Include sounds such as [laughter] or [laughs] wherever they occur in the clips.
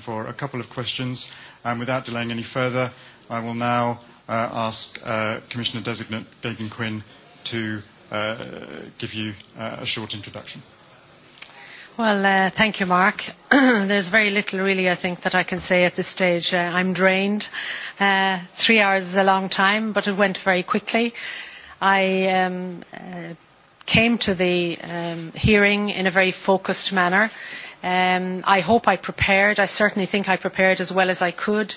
for a couple of questions. And um, without delaying any further, I will now uh, ask uh, Commissioner Designate Gagan Quinn to uh, give you uh, a short introduction. Well, uh, thank you, Mark. [clears throat] There's very little, really, I think, that I can say at this stage. Uh, I'm drained. Uh, three hours is a long time, but it went very quickly. I um, uh, came to the um, hearing in a very focused manner. Um, I hope I prepared. I certainly think I prepared as well as I could.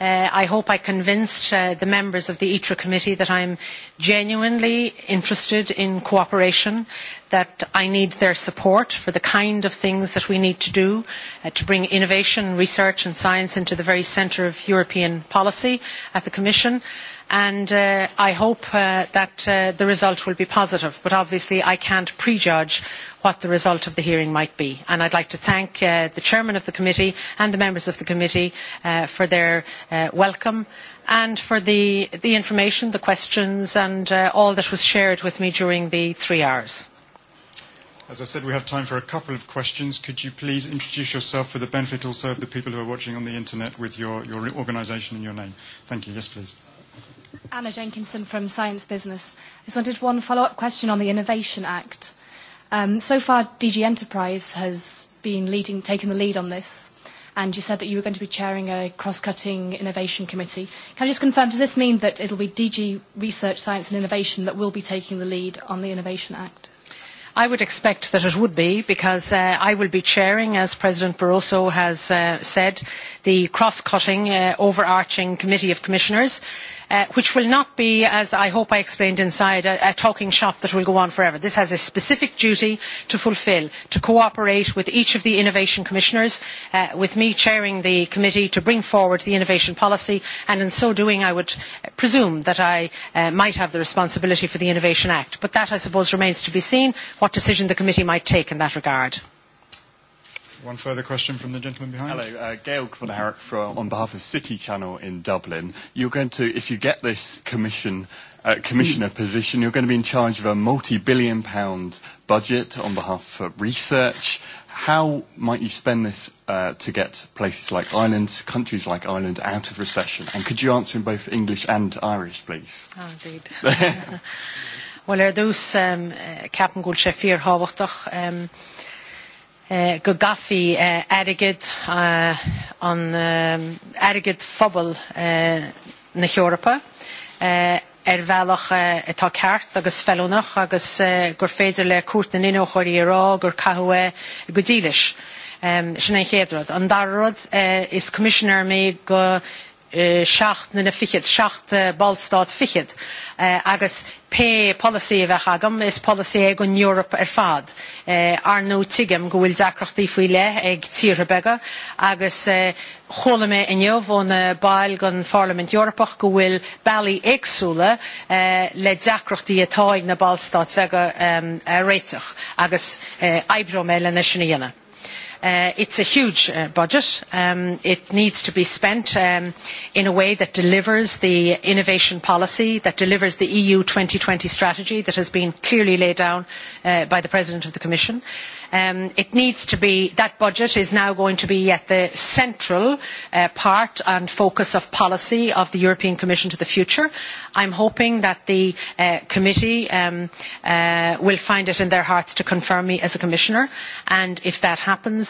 Uh, I hope I convinced uh, the members of the ITRA committee that I'm genuinely interested in cooperation, that I need their support for the kind of things that we need to do uh, to bring innovation, research and science into the very centre of European policy at the Commission and uh, I hope uh, that uh, the result will be positive. But obviously, I can't prejudge what the result of the hearing might be. And I'd like to thank the chairman of the committee and the members of the committee for their welcome and for the, information, the questions, and all that was shared with me during the three hours. As I said, we have time for a couple of questions. Could you please introduce yourself for the benefit also of the people who are watching on the internet with your, your organisation and your name? Thank you. Yes, please. Anna Jenkinson from Science Business. I just wanted one follow-up question on the Innovation Act. Um, so far, DG Enterprise has been leading, taking the lead on this, and you said that you were going to be chairing a cross-cutting innovation committee. Can I just confirm, does this mean that it'll be DG Research, Science and Innovation that will be taking the lead on the Innovation Act? I would expect that it would be because uh, I will be chairing, as President Barroso has uh, said, the cross-cutting, uh, overarching committee of commissioners, uh, which will not be, as I hope I explained inside, a, a, talking shop that will go on forever. This has a specific duty to fulfil, to cooperate with each of the innovation commissioners, uh, with me chairing the committee to bring forward the innovation policy, and in so doing I would presume that I uh, might have the responsibility for the Innovation Act. But that, I suppose, remains to be seen what decision the committee might take in that regard. One further question from the gentleman behind. Hello, uh, Gail Von Herrick from, on behalf of City Channel in Dublin. You're going to, if you get this commission uh, commissioner mm. position, you're going to be in charge of a multi-billion pound budget on behalf of research. How might you spend this uh, to get places like Ireland, countries like Ireland, out of recession? And could you answer in both English and Irish, please? Oh, indeed. [laughs] [laughs] Well, er dus um, ceapan gúil sé fír hábhachtach um, uh, go gafií uh, airigid uh, on um, airigid phobal uh, na Heorpa. Uh, ar uh, atá ceart agus felonach agus eh, gur féidir le cuat na inó choirí rá gur cahué go dílis sin é chéadrad. An darrod is commissioner me go Eh, seach na na fichiid seacht eh, ballstad fichiid eh, agus pe policy a bheith agam is policy ag an Europe ar fad. Ar nó tigam go bhfuil dacrochtaí faoi le ag tíre bega agus chola mé inniu bhóna bail gan Parliament Europach go bhfuil bailí éagsúla le dacrochtaí atá ag na ballstad bega réiteach agus eibro mé le na sinna dhéanana. Uh, it's a huge uh, budget. Um, it needs to be spent um, in a way that delivers the innovation policy, that delivers the EU 2020 strategy that has been clearly laid down uh, by the President of the Commission. Um, it needs to be, that budget is now going to be at the central uh, part and focus of policy of the European Commission to the future. I'm hoping that the uh, committee um, uh, will find it in their hearts to confirm me as a commissioner and if that happens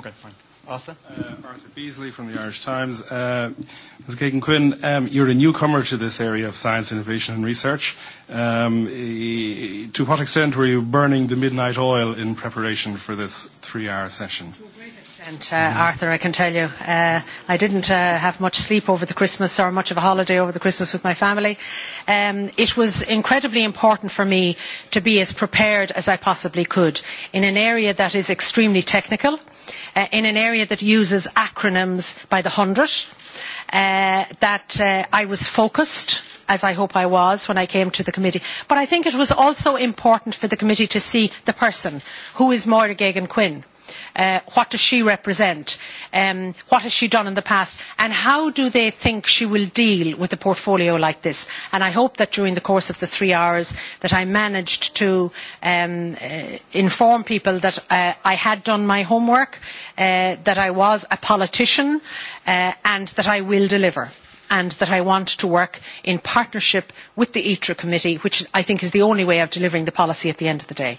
Okay, fine. Arthur? Uh, Arthur Beasley from the Irish Times. Uh, Ms. Kagan Quinn, um, you're a newcomer to this area of science, innovation and research. Um, e to what extent were you burning the midnight oil in preparation for this three-hour session? To a great extent, uh, mm -hmm. Arthur, I can tell you. Uh, I didn't uh, have much sleep over the Christmas or much of a holiday over the Christmas with my family. Um, it was incredibly important for me to be as prepared as I possibly could in an area that is extremely technical. Uh, uh, in an area that uses acronyms by the hundred, uh, that uh, I was focused, as I hope I was when I came to the committee. But I think it was also important for the committee to see the person, who is Moira Gagan-Quinn Uh, what does she represent? Um, what has she done in the past? And how do they think she will deal with a portfolio like this? And I hope that during the course of the three hours that I managed to um, uh, inform people that uh, I had done my homework, uh, that I was a politician, uh, and that I will deliver and that I want to work in partnership with the ITRA committee, which I think is the only way of delivering the policy at the end of the day.